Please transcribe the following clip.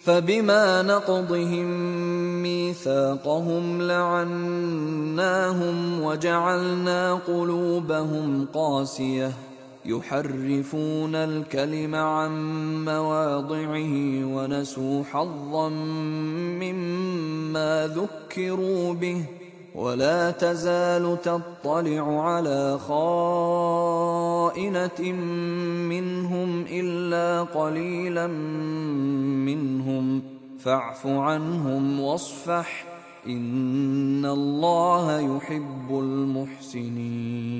فبما نقضهم ميثاقهم لعناهم وجعلنا قلوبهم قاسيه يحرفون الكلم عن مواضعه ونسوا حظا مما ذكروا به ولا تزال تطلع على خائنه منهم قليلا منهم فاعف عنهم واصفح إن الله يحب المحسنين